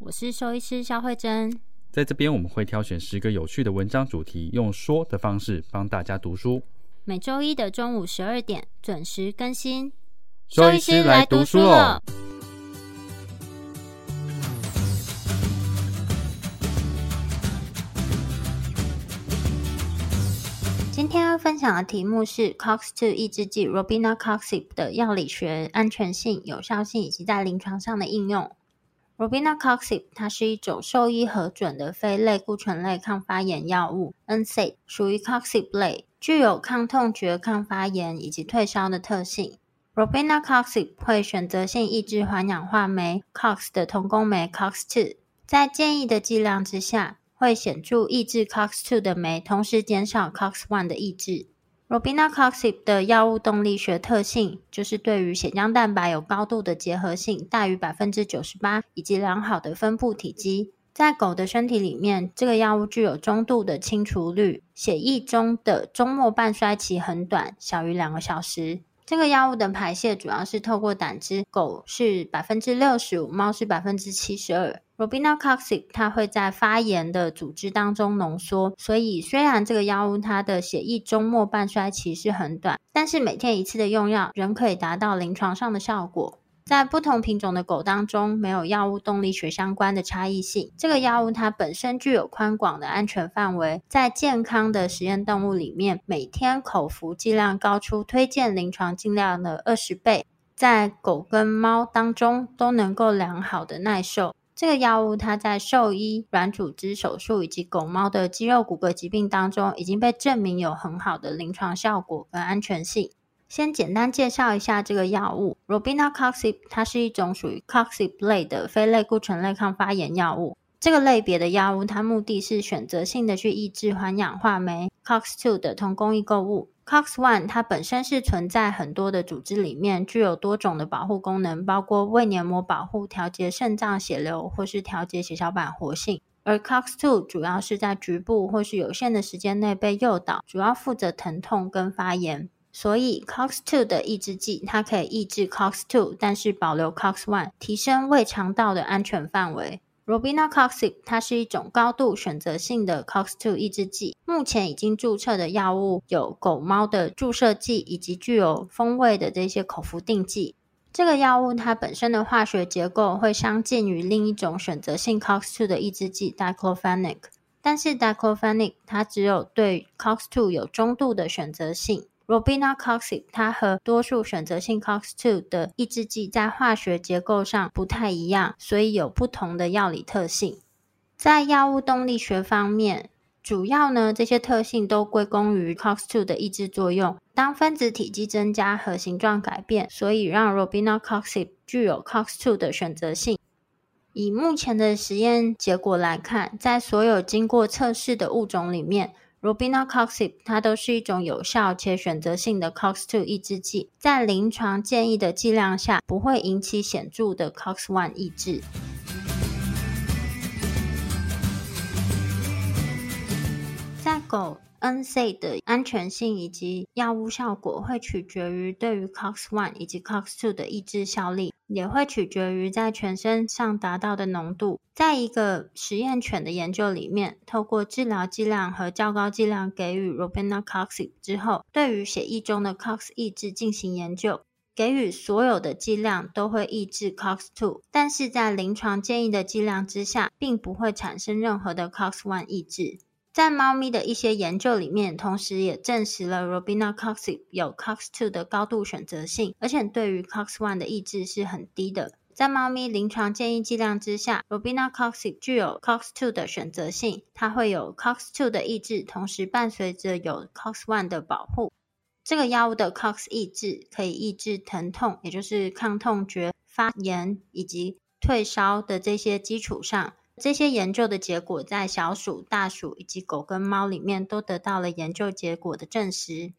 我是獸醫師肖慧珍，在這邊我們會挑選十個有趣的文章主題，用說的方式幫大家讀書。每周一的中午十二點準時更新，獸醫師來讀書嘍。今天要分享的題目是 COX-2 抑制劑 Robenacoxib 的藥理學、安全性、有效性以及在臨床上的應用。Robenacoxib 它是一種獸醫核准的非類固醇類抗發炎藥物，NSAID 屬於 coxib 類，具有抗痛覺、抗發炎以及退燒的特性。Robenacoxib 會選擇性抑制環氧化酶 COX 的同工酶 COX2，在建議的劑量之下，會顯著抑制 COX2 的酶，同時減少 COX1 的抑制。Robenacoxib 的藥物動力學特性就是對於血漿蛋白有高度的結合性，大於百分之九十八，以及良好的分布體積。在狗的身體裡面，這個藥物具有中度的清除率，血液中的終末半衰期很短，小於兩個小時。這個藥物的排泄主要是透過膽汁，狗是百分之六十五，貓是百分之七十二。Robenacoxib 它會在發炎的組織當中濃縮，所以雖然這個藥物它的血液終末半衰期是很短，但是每天一次的用藥仍可以達到臨床上的效果。在不同品種的狗當中，沒有藥物動力學相關的差異性。這個藥物它本身具有寬廣的安全範圍，在健康的實驗動物裡面，每天口服劑量高出推薦臨床劑量的二十倍，在狗跟貓當中都能夠良好的耐受。這個藥物它在獸醫軟組織手術以及狗貓的肌肉骨骼疾病當中，已經被證明有很好的臨床效果跟安全性。先簡單介紹一下這個藥物，Robenacoxib。它是一種屬於 coxib 類的非類固醇類抗發炎藥物。這個類別的藥物，它目的是選擇性的去抑制環氧化酶 cox two 的同工異構物 cox one。cox one, 它本身是存在很多的組織裡面，具有多種的保護功能，包括胃黏膜保護、調節腎臟血流或是調節血小板活性。而 cox two 主要是在局部或是有限的時間內被誘導，主要負責疼痛跟發炎。所以 Cox Two 的抑制劑，它可以抑制 Cox Two，但是保留 Cox One，提升胃腸道的安全範圍。Robenacoxib，它是一種高度選擇性的 Cox Two 抑制劑。目前已經注冊的藥物有狗貓的注射劑，以及具有風味的這些口服錠劑。這個藥物它本身的化學結構會相近於另一種選擇性 Cox Two 的抑制劑 Diclofenac，但是 Diclofenac，它只有對 Cox Two 有中度的選擇性。Robenacoxib 它和多數選擇性 COX-2 的抑制劑在化學結構上不太一樣，所以有不同的藥理特性。在藥物動力學方面，主要呢，這些特性都歸功於 COX-2 的抑制作用。當分子體積增加和形狀改變，所以讓 Robenacoxib 具有 COX-2 的選擇性。以目前的實驗結果來看，在所有經過測試的物種裡面，Robenacoxib，它都是一種有效且選擇性的 COX2 抑制劑，在臨床建議的劑量下，不會引起顯著的 COX1 抑制。在狗。NSAID 的安全性以及藥物效果會取決於對於 COX one 以及 COX two 的抑制效力，也會取決於在全身上達到的濃度。在一個實驗犬的研究裡面，透過治療劑量和較高劑量給予 Robenacoxib 之後，對於血液中的 COX 抑制進行研究，給予所有的劑量都會抑制 COX two，但是在臨床建議的劑量之下，並不會產生任何的 COX one 抑制。在貓咪的一些研究裡面，同時也證實了 Robenacoxib 有 COX-2 的高度選擇性，而且對於 COX-1 的抑制是很低的。在貓咪臨床建議劑量之下，Robenacoxib 具有 COX-2 的選擇性，它會有 COX-2 的抑制，同時伴隨着有 COX-1 的保護。這個藥物的 COX 抑制可以抑制疼痛，也就是抗痛覺、發炎以及退燒的這些基礎上。這些研究的結果在小鼠、大鼠以及狗跟貓裡面都得到了研究結果的證實。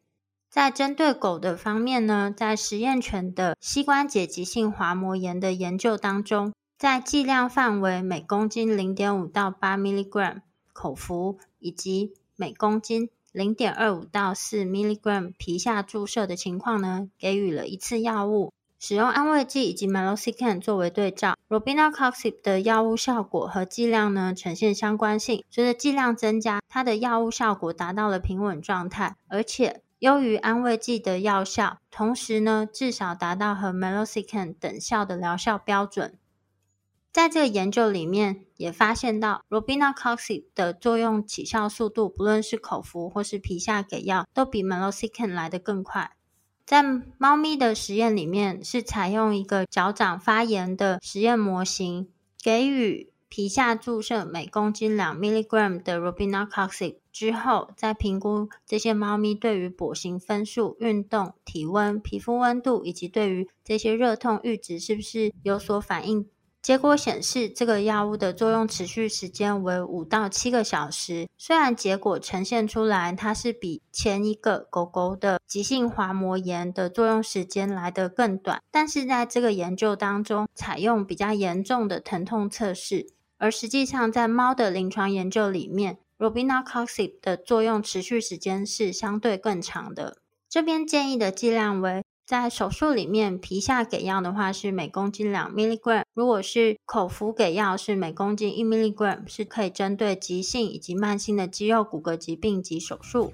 在針對狗的方面呢，在實驗犬的膝關節急性滑膜炎的研究當中，在劑量範圍每公斤零點五到八 milligram 口服，以及每公斤零點二五到四 milligram 皮下注射的情況呢，給予了一次藥物。使用安慰劑以及 Meloxicam 作為對照，Robenacoxib 的藥物效果和劑量呢呈現相關性。隨着劑量增加，它的藥物效果達到了平穩狀態，而且優於安慰劑的藥效。同時呢，至少達到和 Meloxicam 等效的療效標準。在這個研究裡面也發現到，Robenacoxib 的作用起效速度，不論是口服或是皮下給藥，都比 Meloxicam 來得更快。在貓咪的實驗裡面，是採用一個腳掌發炎的實驗模型，給予皮下注射每公斤兩 milligram 的 Robenacoxib 之後，再評估這些貓咪對於跛行分數、運動、體溫、皮膚溫度，以及對於這些熱痛閾值是不是有所反應？結果顯示，這個藥物的作用持續時間為五到七個小時。雖然結果呈現出來，它是比前一個狗狗的急性滑膜炎的作用時間來得更短，但是在這個研究當中，採用比較嚴重的疼痛測試，而實際上在貓的臨床研究裡面，Robenacoxib 的作用持續時間是相對更長的。這邊建議的劑量為，在手術裡面，皮下給藥的話是每公斤兩 milligram；如果是口服給藥，是每公斤一 milligram，是可以針對急性以及慢性的肌肉骨骼疾病及手術。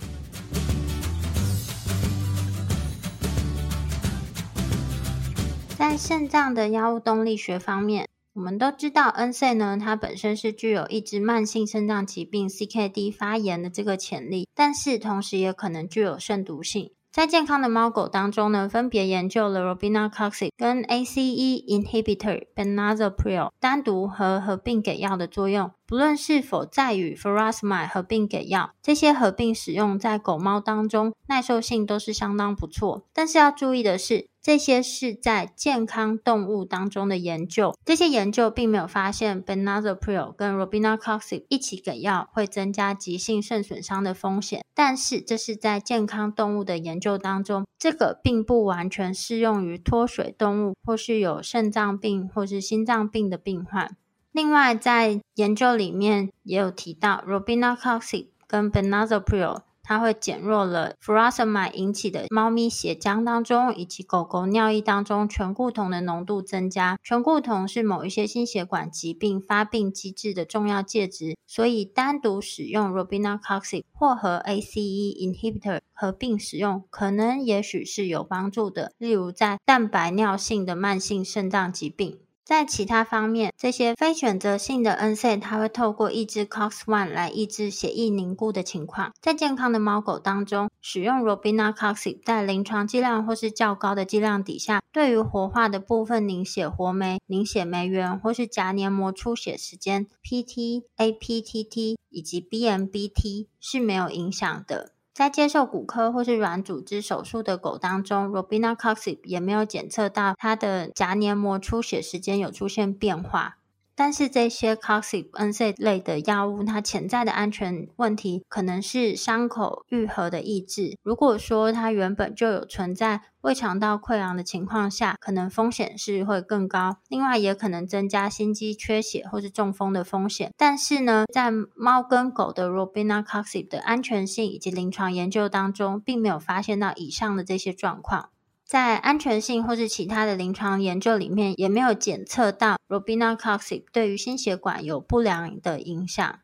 在腎臟的藥物動力學方面，我們都知道，NSAID 呢，它本身是具有抑制慢性腎臟疾病 CKD 發炎的這個潛力，但是同時也可能具有腎毒性。在健康的貓狗當中呢，分別研究了 Robenacoxib 跟 ACE inhibitor benazepril 單獨和合併給藥的作用，不論是否在與 furosemide 合併給藥，這些合併使用在狗貓當中耐受性都是相當不錯。但是要注意的是，這些是在健康動物當中的研究，這些研究並沒有發現 benazepril 跟 robenacoxib 一起給藥會增加急性腎損傷的風險，但是這是在健康動物的研究當中，這個並不完全適用於脫水動物或是有腎臟病或是心臟病的病患。另外，在研究裡面也有提到 robenacoxib 跟 benazepril。它會減弱了呋塞米引起的貓咪血漿當中以及狗狗尿液當中醛固酮的濃度增加。醛固酮是某一些心血管疾病發病機製的重要介質，所以單獨使用 Robenacoxib 或和 ACE inhibitor 合併使用，可能也許是有幫助的，例如在蛋白尿性的慢性腎臟疾病。在其他方面，這些非選擇性的 NSAID 它會透過抑制 COX-1 來抑制血液凝固的情況。在健康的貓狗當中，使用 Robenacoxib 在臨床劑量或是較高的劑量底下，對於活化的部分凝血活酶、凝血酶原或是頰黏膜出血時間 （PT、APTT） 以及 BMBT 是沒有影響的。在接受骨科或是軟組織手術的狗當中，Robenacoxib 也沒有檢測到它的頰黏膜出血時間有出現變化。但是這些 coxib NSAID 類的藥物，它潛在的安全問題可能是傷口愈合的抑制。如果說它原本就有存在胃腸道潰瘍的情況下，可能風險是會更高。另外，也可能增加心肌缺血或是中風的風險。但是呢，在貓跟狗的 Robenacoxib 的安全性以及臨床研究當中，並沒有發現到以上的這些狀況。在安全性或是其他的臨床研究裡面，也沒有檢測到 Robenacoxib 對於心血管有不良的影響。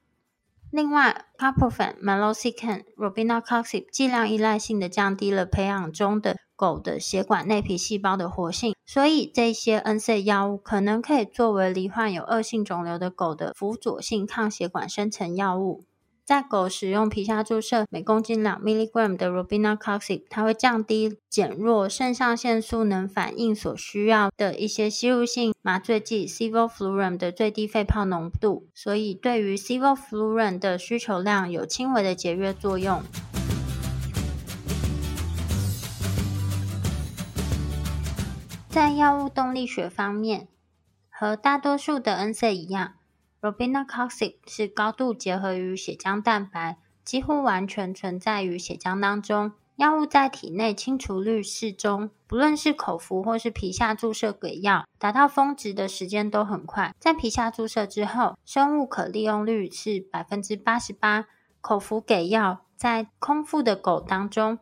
另外，Carprofen, Meloxicam, Robenacoxib 劑量依賴性地降低了培養中的狗的血管內皮細胞的活性，所以這些 N C 藥物可能可以作為罹患有惡性腫瘤的狗的輔佐性抗血管生成藥物。在狗使用皮下注射每公斤兩 milligram 的 robenacoxib 它會降低減弱腎上腺素能反應所需要的一些吸入性麻醉劑 sevoflurane 的最低肺泡濃度，所以對於 sevoflurane 的需求量有輕微的節約作用。在藥物動力學方面，和大多數的 NC 一樣。Robenacoxib 是高度結合於血漿蛋白，幾乎完全存在於血漿當中。藥物在體內清除率適中，不論是口服或是皮下注射給藥，達到峰值的時間都很快。在皮下注射之後，生物可利用率是百分之八十八。口服給藥在空腹的狗當中，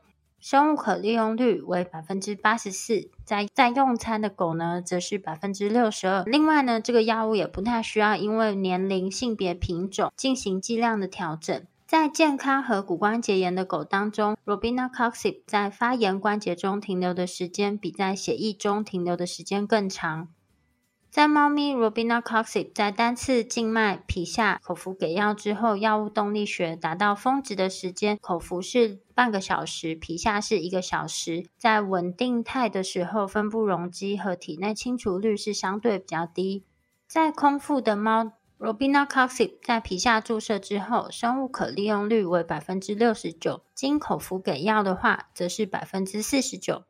生物可利用率為百分之八十四，在在用餐的狗呢，則是百分之六十二。另外呢，這個藥物也不太需要因為年齡、性別、品種進行劑量的調整。在健康和骨關節炎的狗當中，Robenacoxib 在發炎關節中停留的時間比在血液中停留的時間更長。在貓咪 Robenacoxib 在單次靜脈、皮下、口服給藥之後，藥物動力學達到峰值的時間，口服是半個小時，皮下是一個小時。在穩定態的時候，分布容積和體內清除率是相對比較低。在空腹的貓 Robenacoxib 在皮下注射之後，生物可利用率為百分之六十九；經口服給藥的話，則是百分之四十九。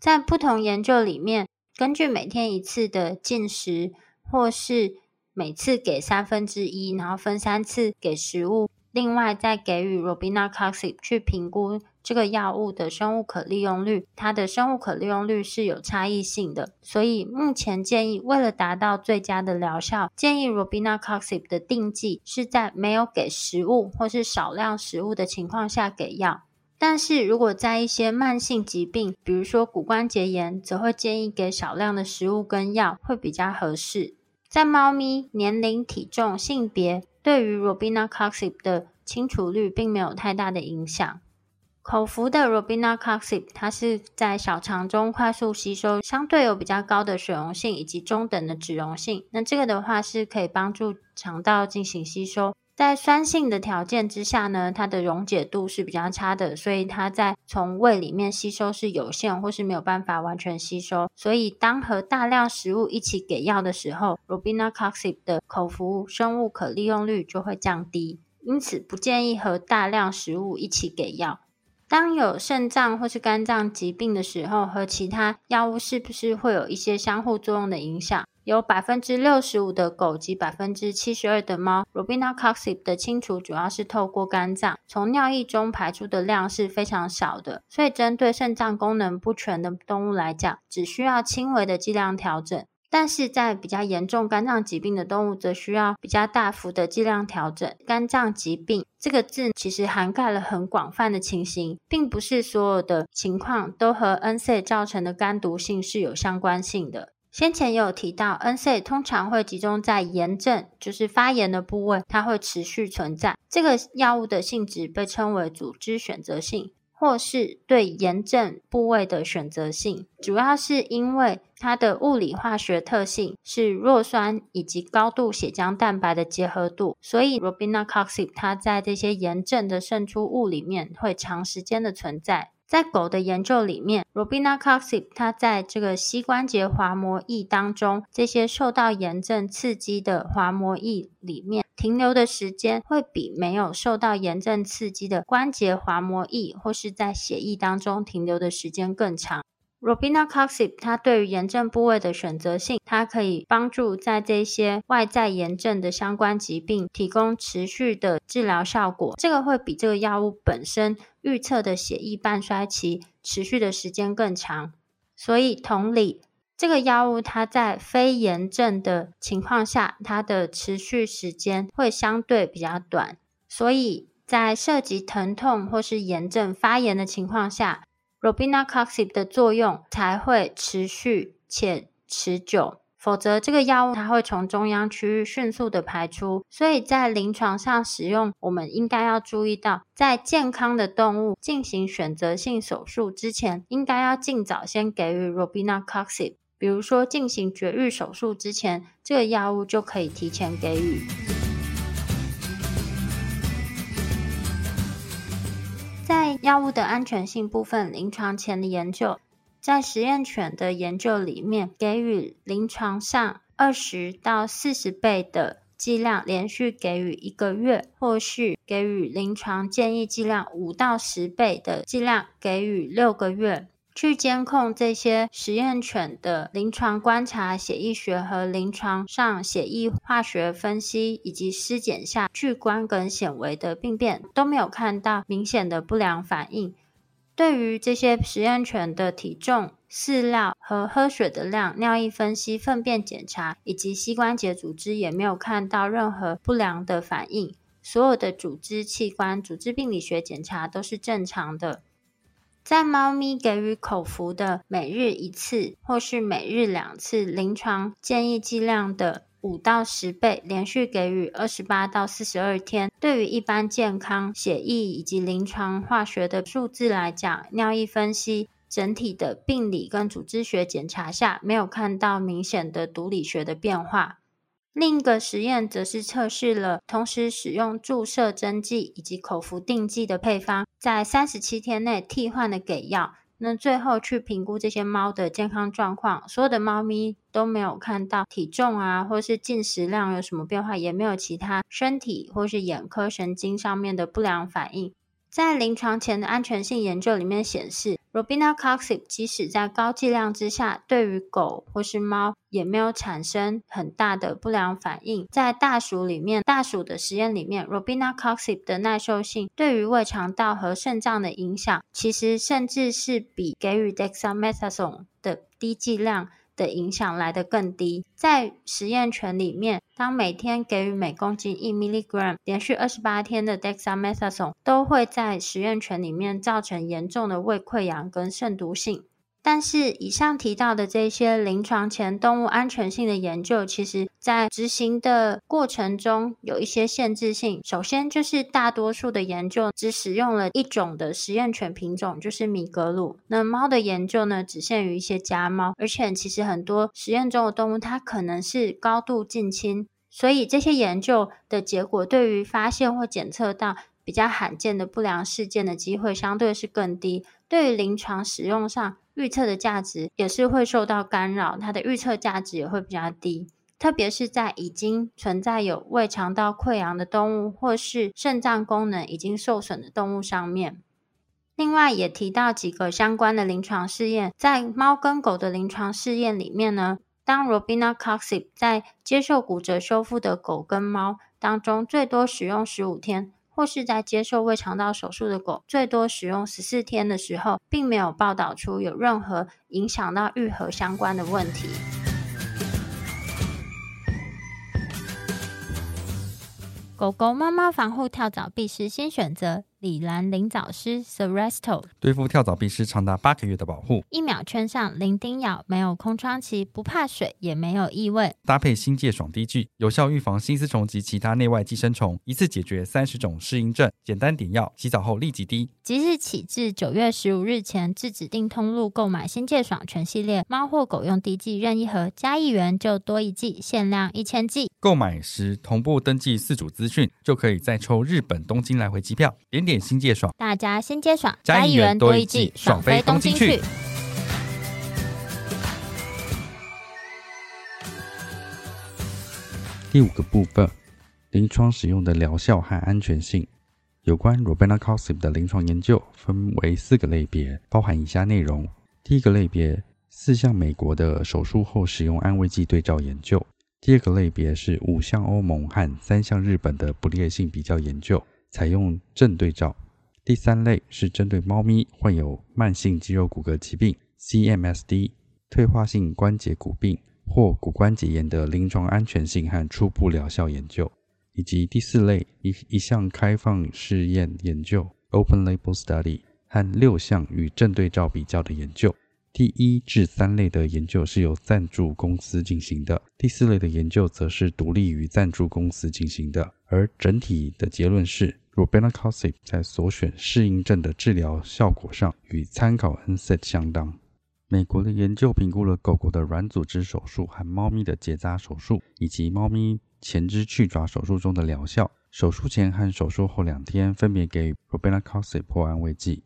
在不同研究裡面。根據每天一次的進食，或是每次給三分之一，然後分三次給食物。另外，再給予 Robenacoxib 去評估這個藥物的生物可利用率。它的生物可利用率是有差異性的，所以目前建議，為了達到最佳的療效，建議 Robenacoxib 的錠劑是在沒有給食物或是少量食物的情況下給藥。但是如果在一些慢性疾病，比如說骨關節炎，則會建議給少量的食物跟藥會比較合適。在貓咪年齡、體重、性別對於 Robenacoxib 的清除率並沒有太大的影響。口服的 Robenacoxib 它是在小腸中快速吸收，相對有比較高的水溶性以及中等的脂溶性。那這個的話是可以幫助腸道進行吸收。在酸性的條件之下呢，它的溶解度是比較差的，所以它在從胃裡面吸收是有限，或是沒有辦法完全吸收。所以當和大量食物一起給藥的時候，Robenacoxib 的口服生物可利用率就會降低，因此不建議和大量食物一起給藥。當有腎臟或是肝臟疾病的時候，和其他藥物是不是會有一些相互作用的影響？有百分之六十五的狗及百分之七十二的貓，Robenacoxib 的清除主要是透過肝臟，從尿液中排出的量是非常少的，所以針對腎臟功能不全的動物來講，只需要輕微的劑量調整。但是在比較嚴重肝臟疾病的動物，則需要比較大幅的劑量調整。肝臟疾病這個字其實涵蓋了很廣泛的情形，並不是所有的情況都和 NSAID 造成的肝毒性是有相關性的。先前有提到，NSAID 通常會集中在炎症，就是發炎的部位，它會持續存在。這個藥物的性質被稱為組織選擇性。或是對炎症部位的選擇性，主要是因為它的物理化學特性是弱酸以及高度血漿蛋白的結合度，所以 Robenacoxib 它在這些炎症的滲出物裡面會長時間的存在。在狗的研究裡面，Robenacoxib，它在這個膝關節滑膜液當中，這些受到炎症刺激的滑膜液裡面停留的時間，會比沒有受到炎症刺激的關節滑膜液或是在血液當中停留的時間更長。Robenacoxib 它對於炎症部位的選擇性，它可以幫助在這些外在炎症的相關疾病提供持續的治療效果。這個會比這個藥物本身預測的血液半衰期持續的時間更長。所以，同理，這個藥物它在非炎症的情況下，它的持續時間會相對比較短。所以在涉及疼痛或是炎症發炎的情況下，Robenacoxib 的作用才會持續且持久，否則這個藥物它會從中央區域迅速地排出。所以在臨床上使用，我們應該要注意到，在健康的動物進行選擇性手術之前，應該要盡早先給予 Robenacoxib。比如說進行絕育手術之前，這個藥物就可以提前給予。藥物的安全性部分。臨床前的研究，在實驗犬的研究裡面，給予臨床上二十到四十倍的劑量，連續給予一個月；或是給予臨床建議劑量五到十倍的劑量，給予六個月。去監控這些實驗犬的臨床觀察、血液學和臨床上血液化學分析，以及屍檢下巨觀跟顯微的病變，都沒有看到明顯的不良反應。對於這些實驗犬的體重、飼料和喝水的量、尿液分析、糞便檢查，以及膝關節組織，也沒有看到任何不良的反應。所有的組織器官、組織病理學檢查都是正常的。在貓咪給予口服的每日一次或是每日兩次臨床建議劑量的五到十倍，連續給予二十八到四十二天。對於一般健康、血液以及臨床化學的數字來講，尿液分析整體的病理跟組織學檢查下，沒有看到明顯的毒理學的變化。另一個實驗則是測試了同時使用注射針劑以及口服錠劑的配方，在三十七天內替換的給藥。那最後去評估這些貓的健康狀況，所有的貓咪都沒有看到體重啊，或是進食量有什麼變化，也沒有其他身體或是眼科、神經上面的不良反應。在臨床前的安全性研究裡面顯示，Robenacoxib 即使在高劑量之下，對於狗或是貓也沒有產生很大的不良反應。在大鼠裡面，大鼠的實驗裡面，Robenacoxib 的耐受性對於胃腸道和腎臟的影響，其實甚至是比給予 Dexamethasone 的低劑量的影響來得更低。在實驗犬裡面，當每天給予每公斤一 milligram 連續二十八天的 dexamethasone，都會在實驗犬裡面造成嚴重的胃潰瘍跟腎毒性。但是，以上提到的這些臨床前動物安全性的研究，其實。在執行的過程中有一些限制性。首先，就是大多數的研究只使用了一種的實驗犬品種，就是米格魯。那貓的研究呢，只限於一些家貓，而且其實很多實驗中的動物它可能是高度近親，所以這些研究的結果對於發現或檢測到比較罕見的不良事件的機會相對是更低。對於臨床使用上預測的價值也是會受到干擾，它的預測價值也會比較低。特別是在已經存在有胃腸道潰瘍的動物，或是腎臟功能已經受損的動物上面。另外也提到幾個相關的臨床試驗，在貓跟狗的臨床試驗裡面呢，當 Robenacoxib 在接受骨折修復的狗跟貓當中，最多使用十五天，或是在接受胃腸道手術的狗最多使用十四天的時候，並沒有報道出有任何影響到癒合相關的問題。狗狗、貓貓防護跳蚤，必須先選擇。禮藍靈蚤蝨 Seresto 對付跳蚤壁蝨長達八個月的保護。一秒圈上，零叮咬，沒有空窗期，不怕水，也沒有異味。搭配心疥爽滴劑，有效預防心絲蟲及其他內外寄生蟲，一次解決三十種適應症。簡單點藥，洗澡後立即滴。即日起至九月十五日前，至指定通路購買心疥爽全系列貓或狗用滴劑任意盒，加一元就多一劑，限量一千劑。購買時同步登記四組資訊，就可以再抽日本東京來回機票。點,點。先接爽，大家先接爽，加一元多一季，爽飛東京去。第五個部分，臨床使用的療效和安全性。有關 Robenacoxib 的臨床研究分為四個類別，包含以下內容：第一個類別，四項美國的手術後使用安慰劑對照研究；第二個類別是五項歐盟和三項日本的不劣性比較研究。採用正對照。第三類是針對貓咪患有慢性肌肉骨骼疾病 （CMSD）、退化性關節骨病或骨關節炎的臨床安全性和初步療效研究，以及第四類一一項開放試驗研究 （Open Label Study） 和六項與正對照比較的研究。第一至三類的研究是由贊助公司進行的，第四類的研究則是獨立於贊助公司進行的。而整體的結論是。Robenacoxib 在所選適應症的治療效果上與參考 NSAID 相當。美國的研究評估了狗狗的軟組織手術和貓咪的結紮手術，以及貓咪前肢去爪手術中的療效。手術前和手術後兩天分別給 Robenacoxib 破安慰劑。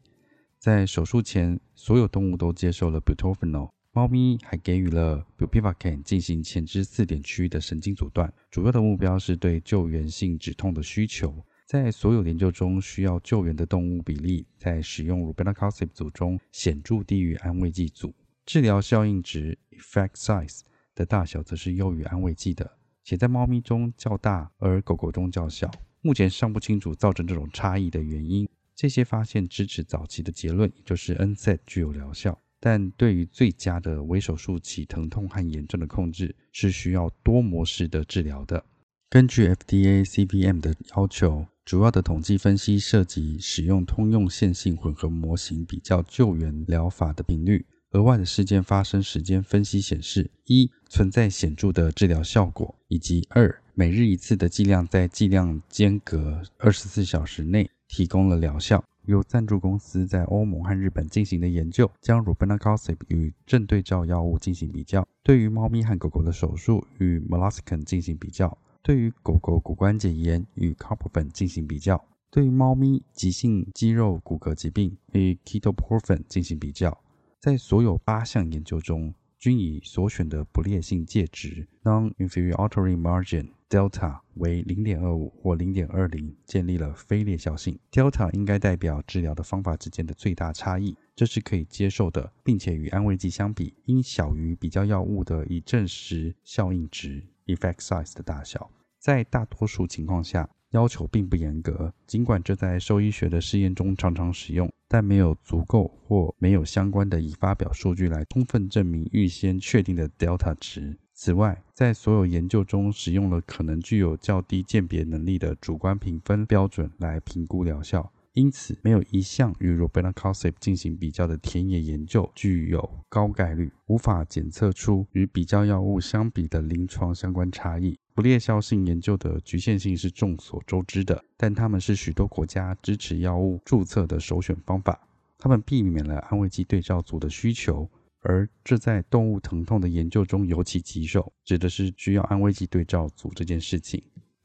在手術前，所有動物都接受了 Butorphanol。貓咪還給予了 Bupivacaine 進行前肢四點區域的神經阻斷，主要的目標是對救援性止痛的需求。在所有研究中，需要救援的動物比例在使用 Robenacoxib 組中顯著低於安慰劑組。治療效應值 effect size 的大小則是優於安慰劑的，且在貓咪中較大，而狗狗中較小。目前尚不清楚造成這種差異的原因。這些發現支持早期的結論，也就是 NSAID 具有療效，但對於最佳的圍手術期疼痛和炎症的控制是需要多模式的治療的。根據 FDA CVM 的要求，主要的統計分析涉及使用通用線性混合模型比較救援療法的頻率。額外的事件發生時間分析顯示，一存在顯著的治療效果，以及二每日一次的劑量在劑量間隔二十四小時內提供了療效。由贊助公司在歐盟和日本進行的研究，將 Robenacoxib 與正對照藥物進行比較，對於貓咪和狗狗的手術與 Meloxicam 進行比較。對於狗狗骨關節炎與 Carprofen 進行比較，對於貓咪急性肌肉骨骼疾病與 Ketoprofen 進行比較，在所有八項研究中，均以所選的不劣性界值 （Non-inferiority margin delta） 為零點二五或零點二零，建立了非劣效性。Delta 應該代表治療的方法之間的最大差異，這是可以接受的，並且與安慰劑相比，應小於比較藥物的已證實效應值。Effect size 的大小，在大多數情況下要求並不嚴格，儘管這在獸醫學的試驗中常常使用，但沒有足夠或沒有相關的已發表數據來充分證明預先確定的 Delta 值。此外，在所有研究中使用了可能具有較低鑑別能力的主觀評分標準來評估療效。因此，沒有一項與 Robenacoxib 進行比較的田野研究具有高概率，無法檢測出與比較藥物相比的臨床相關差異。不劣效性研究的局限性是眾所周知的，但它們是許多國家支持藥物注冊的首選方法。它們避免了安慰劑對照組的需求，而這在動物疼痛的研究中尤其棘手，指的是需要安慰劑對照組這件事情。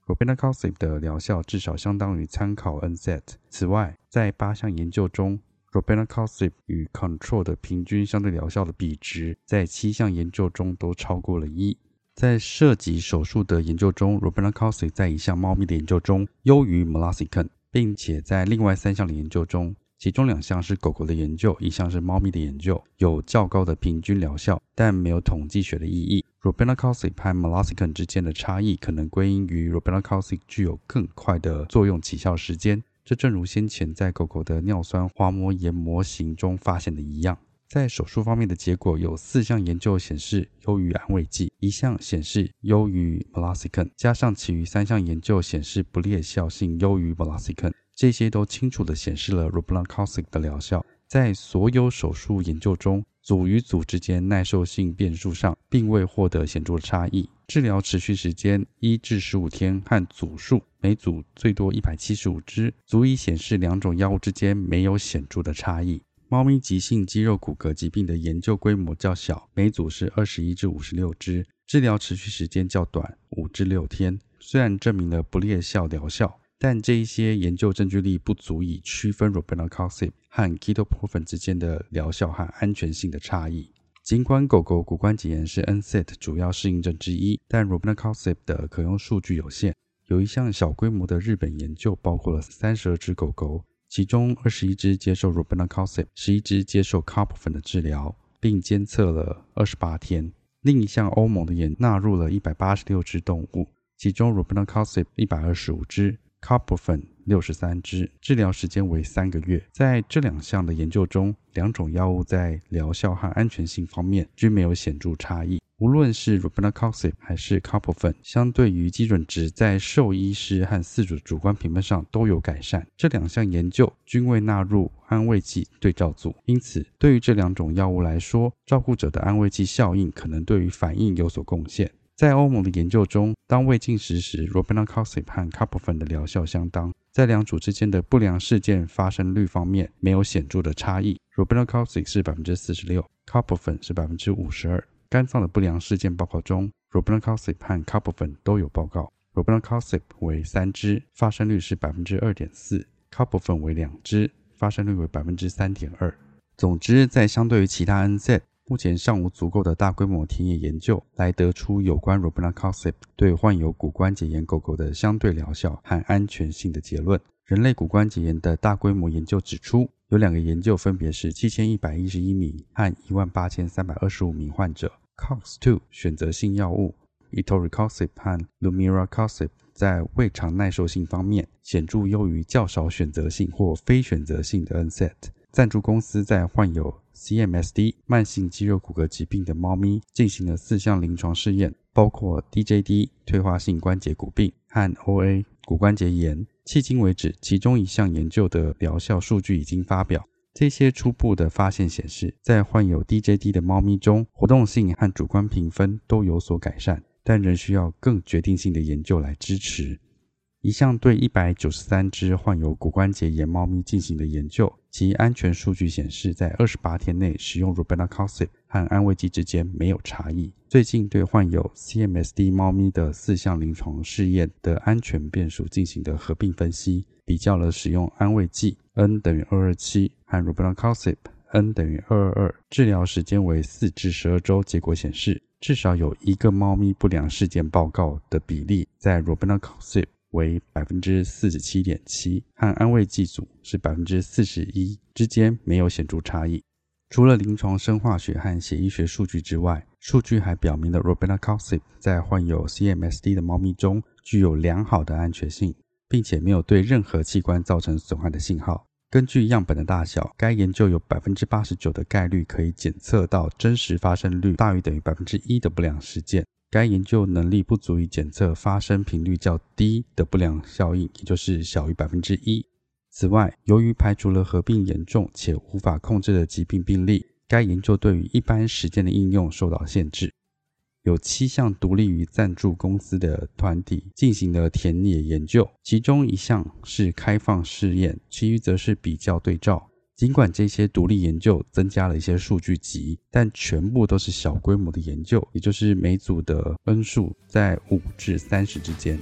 Robenacoxib 的療效至少相當於參考 NSAID。此外，在八項研究中，Robenacoxib 與 Control 的平均相對療效的比值，在七項研究中都超過了1。在涉及手術的研究中，Robenacoxib 在一項貓咪的研究中優於 Meloxicam，並且在另外三項的研究中，其中兩項是狗狗的研究，一項是貓咪的研究，有較高的平均療效，但沒有統計學的意義。Robenacoxib 和 Meloxicam 之間的差異可能歸因於 Robenacoxib 具有更快的作用起效時間，這正如先前在狗狗的尿酸滑膜炎模型中發現的一樣。在手術方面的結果，有四項研究顯示優於安慰劑，一項顯示優於 Meloxicam，加上其餘三項研究顯示不劣效性優於 Meloxicam，這些都清楚地顯示了 Robenacoxib 的療效。在所有手術研究中，組與組之間耐受性變數上並未獲得顯著的差異。治療持續時間一至十五天和，和組數每組最多一百七十五隻，足以顯示兩種藥物之間沒有顯著的差異。貓咪急性肌肉骨骼疾病的研究規模較小，每組是二十一至五十六隻，治療持續時間較短，五至六天，雖然證明了不劣效療效。但這一些研究證據力不足以區分 Robenacoxib 和 Ketoprofen 之間的療效和安全性的差異。儘管狗狗骨關節炎是 NSAID 主要適應症之一，但 Robenacoxib 的可用數據有限。有一項小規模的日本研究包括了32隻狗狗，其中21隻接受 Robenacoxib，11 隻接受 Carprofen 的治療，並監測了28天。另一項歐盟的研納入了186隻動物，其中 Robenacoxib 125隻。Carprofen 六十三隻，治療時間為三個月。在這兩項的研究中，兩種藥物在療效和安全性方面均沒有顯著差異。無論是 Robenacoxib 還是 Carprofen，相對於基準值，在獸醫師和飼主主觀評分上都有改善。這兩項研究均未納入安慰劑對照組，因此對於這兩種藥物來說，照顧者的安慰劑效應可能對於反應有所貢獻。在歐盟的研究中，當未進食時，robenacoxib 和 cuprofen 的療效相當。在兩組之間的不良事件發生率方面，沒有顯著的差異。robenacoxib 是百分之四十六，cuprofen 是百分之五十二。肝臟的不良事件報告中，robenacoxib 和 cuprofen 都有報告。robenacoxib 為三隻，發生率是百分之二點四，cuprofen 為兩隻，發生率為百分之三點二。總之，在相對於其他 NSAID 目前尚無足夠的大規模田野研究來得出有關 robenacoxib 對患有骨關節炎狗狗的相對療效和安全性的結論。人類骨關節炎的大規模研究指出，有兩個研究，分別是七千一百一十一名和一萬八千三百二十五名患者。COX-2 選擇性藥物 etoricoxib 和 lumiracoxib 在胃腸耐受性方面顯著優於較少選擇性或非選擇性的 NSAID。贊助公司在患有 CMSD 慢性肌肉骨骼疾病的貓咪進行了四項臨床試驗，包括 DJD 退化性關節骨病和 OA 骨關節炎。迄今為止，其中一項研究的療效數據已經發表。這些初步的發現顯示，在患有 DJD 的貓咪中，活動性和主觀評分都有所改善，但仍需要更決定性的研究來支持。一項對一百九十三隻患有骨關節炎貓咪進行的研究，其安全數據顯示，在二十八天內使用 r o b a n a c o s i p 和安慰劑之間沒有差異。最近對患有 CMSD 貓咪的四項臨床試驗的安全變數進行的合併分析，比較了使用安慰劑 （n 等於二二七）和 r o b a n a c o s i p n 等於二二二）治療時間為四至十二周，結果顯示至少有一個貓咪不良事件報告的比例在 r o b a n a c o s i p 為百分之四十七點七，和安慰劑組是百分之四十一之間沒有顯著差異。除了臨床生化學和血液學數據之外，數據還表明了 Robenacoxib 在患有 CMSD 的貓咪中具有良好的安全性，並且沒有對任何器官造成損害的信號。根據樣本的大小，該研究有百分之八十九的概率可以檢測到真實發生率大於等於百分之一的不良事件。該研究能力不足以檢測發生頻率較低的不良效應，也就是小於百分之一。此外，由於排除了合併嚴重且無法控制的疾病病例，該研究對於一般實踐的應用受到限制。有七項獨立於贊助公司的團體進行了田野研究，其中一項是開放試驗，其餘則是比較對照。儘管這些獨立研究增加了一些數據集，但全部都是小規模的研究，也就是每組的 n 數在五至三十之間。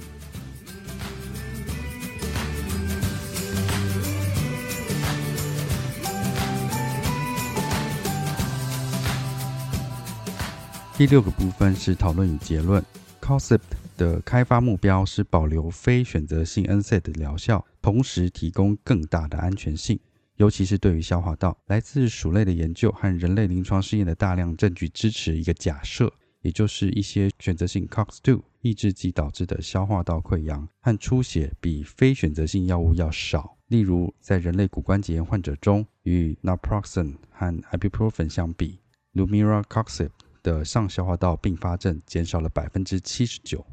第六個部分是討論與結論。Coxib 的開發目標是保留非選擇性 NSAID 的療效，同時提供更大的安全性。尤其是對於消化道，來自鼠類的研究和人類臨床試驗的大量證據支持一個假設，也就是一些選擇性 COX-2 抑制劑導致的消化道潰瘍和出血比非選擇性藥物要少。例如，在人類骨關節炎患者中，與 Naproxen 和 Ibuprofen 相比，Lumiracoxib 的上消化道併發症減少了百分之七十九。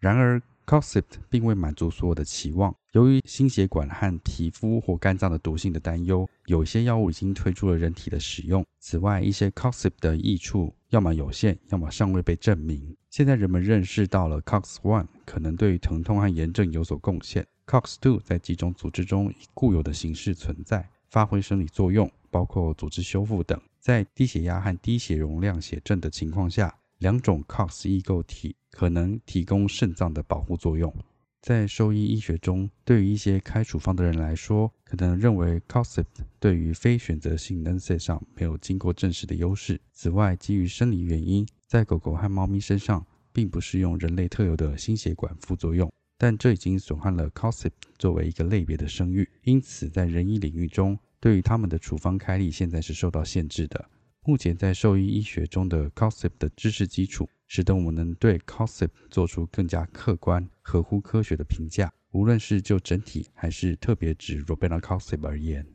然而，COXIB 並未滿足所有的期望。由於心血管和皮膚或肝臟的毒性的擔憂，有一些藥物已經退出了人體的使用。此外，一些 COXIB 的益處要麼有限，要麼尚未被證明。現在人們認識到了 COX-1 可能對於疼痛和炎症有所貢獻。COX-2 在幾種組織中以固有的形式存在，發揮生理作用，包括組織修復等。在低血壓和低血容量血症的情況下，兩種 COX 異構體可能提供腎臟的保護作用。在獸醫醫學中，對於一些開處方的人來說，可能認為 coxib 對於非選擇性 NSAID 上沒有經過證實的優勢。此外，基於生理原因，在狗狗和貓咪身上並不適用人類特有的心血管副作用，但這已經損害了 coxib 作為一個類別的聲譽。因此，在人醫領域中，對於他們的處方開立現在是受到限制的。目前在獸醫醫學中的 coxib 的知識基礎，使得我們能對 coxib 做出更加客觀、合乎科學的評價。無論是就整體還是特別指 Robenacoxib 而言，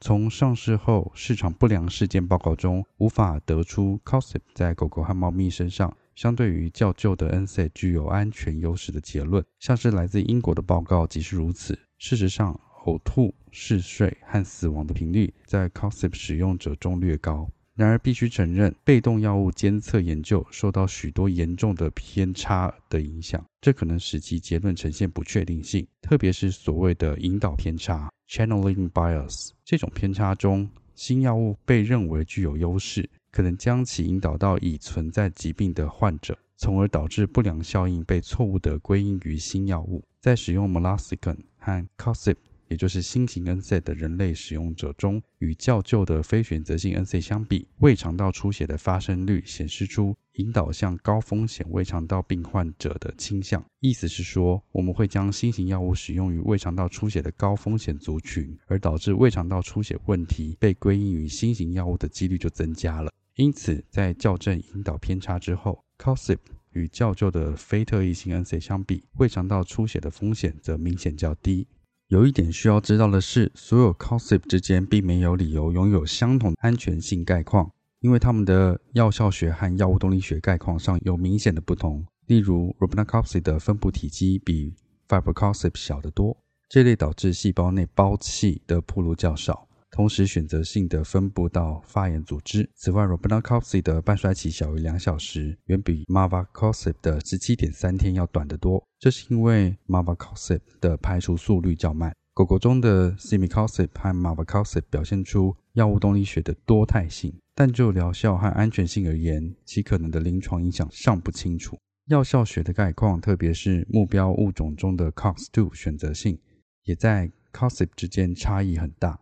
從上市後市場不良事件報告中，無法得出 coxib 在狗狗和貓咪身上相對於較舊的 NSAID 具有安全優勢的結論。像是來自英國的報告即是如此。事實上，嘔吐、嗜睡和死亡的頻率在 coxib 使用者中略高。然而，必須承認，被動藥物監測研究受到許多嚴重的偏差的影響，這可能使其結論呈現不確定性。特別是所謂的引導偏差 （channeling bias），這種偏差中，新藥物被認為具有優勢，可能將其引導到已存在疾病的患者，從而導致不良效應被錯誤地歸因於新藥物。在使用 Melasigen 和 Cosip 也就是新型 NSAID 的人類使用者中，與較舊的非選擇性 NSAID 相比，胃腸道出血的發生率顯示出引導向高風險胃腸道病患者的傾向。意思是說，我們會將新型藥物使用於胃腸道出血的高風險族群，而導致胃腸道出血問題被歸因於新型藥物的幾率就增加了。因此，在校正引導偏差之後，Coxib 與較舊的非特異性 NSAID 相比，胃腸道出血的風險則明顯較低。有一點需要知道的是，所有 coxib 之間並沒有理由擁有相同的安全性概況，因為它們的藥效學和藥物動力學概況上有明顯的不同。例如 robenacoxib 的分布體積比 firocoxib 小得多，這類導致細胞內胞器的鋪路較少。同時選擇性的分佈到發炎組織。此外 robenacoxib 的半衰期小於兩小時，遠比 mavacoxib 的十七點三天要短得多。這是因為 mavacoxib 的排出速率較慢。狗狗中的 cimicoxib 和 mavacoxib 表現出藥物動力學的多態性，但就療效和安全性而言，其可能的臨床影響尚不清楚。藥效學的概況，特別是目標物種中的 cox two 選擇性，也在 coxib 之間差異很大。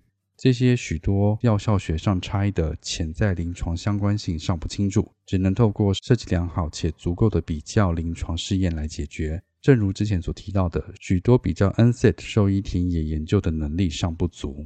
這些許多藥效學上差異的潛在臨床相關性尚不清楚，只能透過設計良好且足夠的比較臨床試驗來解決。正如之前所提到的，許多比較 NSAID 獸醫停也研究的能力尚不足。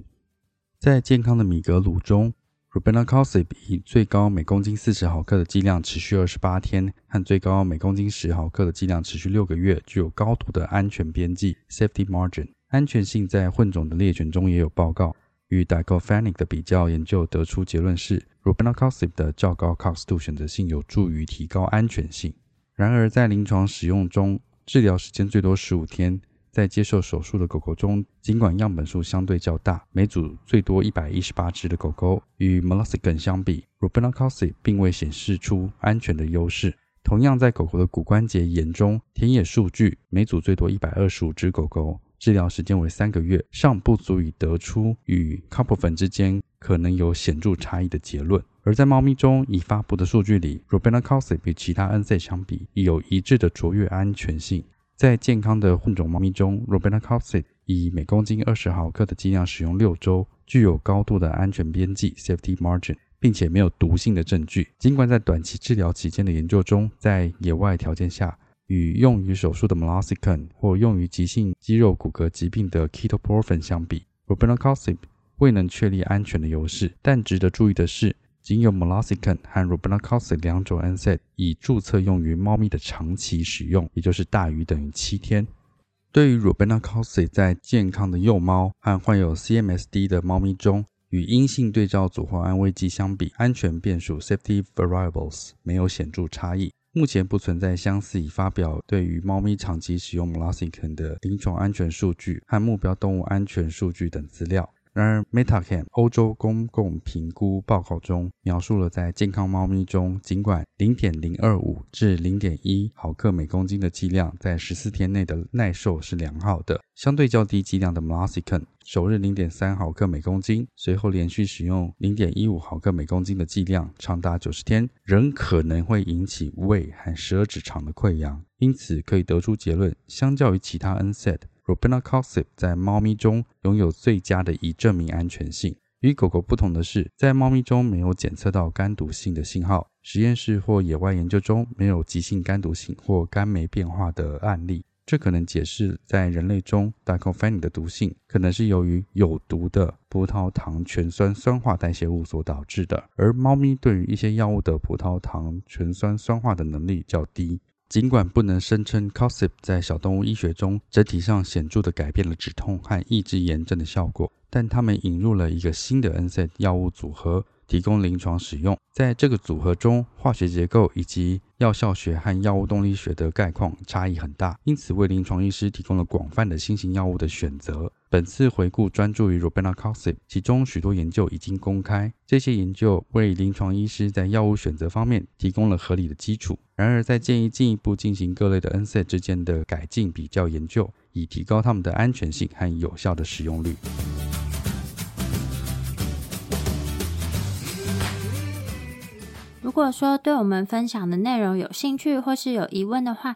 在健康的米格魯中 Robenacoxib 以最高每公斤四十毫克的劑量持續二十八天，和最高每公斤十毫克的劑量持續六個月，具有高度的安全邊際 （Safety Margin）。安全性在混種的獵犬中也有報告。與 Diclofenac 的比較研究得出結論是 Robenacoxib 的較高 COX-2 選擇性有助於提高安全性。然而，在臨床使用中，治療時間最多十五天，在接受手術的狗狗中，儘管樣本數相對較大，每組最多一百一十八只的狗狗，與 Meloxicam 相比，Robenacoxib 並未顯示出安全的優勢。同樣，在狗狗的骨關節炎中，田野數據，每組最多一百二十五只狗狗。治療時間為三個月，尚不足以得出與 Couple 粉之間可能有顯著差異的結論。而在貓咪中已發布的數據裡 Robenacoxib 與其他 NSAID 相比，已有一致的卓越安全性。在健康的混種貓咪中 Robenacoxib 以每公斤二十毫克的劑量使用六周，具有高度的安全邊際 （Safety Margin），並且沒有毒性的證據。儘管在短期治療期間的研究中，在野外條件下，與用於手術的 meloxicam 或用於急性肌肉骨骼疾病的 ketoprofen 相比，robenacoxib 未能確立安全的優勢。但值得注意的是，僅有 meloxicam 和 robenacoxib 兩種 NSAID 已注冊用於貓咪的長期使用，也就是大於等於七天。對於 robenacoxib 在健康的幼貓和患有 CMSD 的貓咪中，與陰性對照組或安慰劑相比，安全變數 safety variables 沒有顯著差異。目前不存在相似已發表對於貓咪長期使用 Molasicon 的臨床安全數據和目標動物安全數據等資料。然而，Metacam 歐洲公共評估報告中描述了在健康貓咪中，儘管0.025至0.1毫克每公斤的劑量在14天內的耐受是良好的。相對較低劑量的 Meloxicam，首日0.3毫克每公斤，隨後連續使用0.15毫克每公斤的劑量長達90天，仍可能會引起胃和十二指腸的潰瘍。因此，可以得出結論，相較於其他 NSAID，Robenacoxib 在貓咪中擁有最佳的已證明安全性。與狗狗不同的是，在貓咪中沒有檢測到肝毒性的信號。實驗室或野外研究中沒有急性肝毒性或肝酶變化的案例。這可能解釋在人類中 diclofenac 的毒性，可能是由於有毒的葡萄糖醛酸酸化代謝物所導致的。而貓咪對於一些藥物的葡萄糖醛酸酸化的能力較低。儘管不能聲稱 Coxib 在小動物醫學中整體上顯著地改變了止痛和抑制炎症的效果，但他們引入了一個新的 NSAID 藥物組合，提供臨床使用。在這個組合中，化學結構以及藥效學和藥物動力學的概況差異很大，因此為臨床醫師提供了廣泛的新型藥物的選擇。本次回顧專注於 Robenacoxib 其中許多研究已經公開。這些研究為臨床醫師在藥物選擇方面提供了合理的基礎。然而，在建議進一步進行各類的 NSAID 之間的改進比較研究，以提高它們的安全性和有效的使用率。如果說對我們分享的內容有興趣，或是有疑問的話，